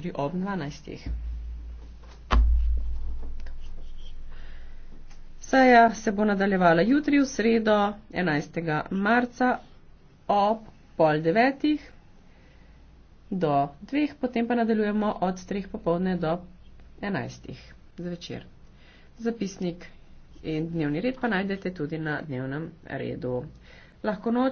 pri ob 12. Seja se bo nadaljevala jutri v sredo 11. marca ob pol devetih do dveh, potem pa nadaljujemo od treh popovdne do enajstih zvečer. Zapisnik in dnevni red pa najdete tudi na dnevnem redu. Lahko noč.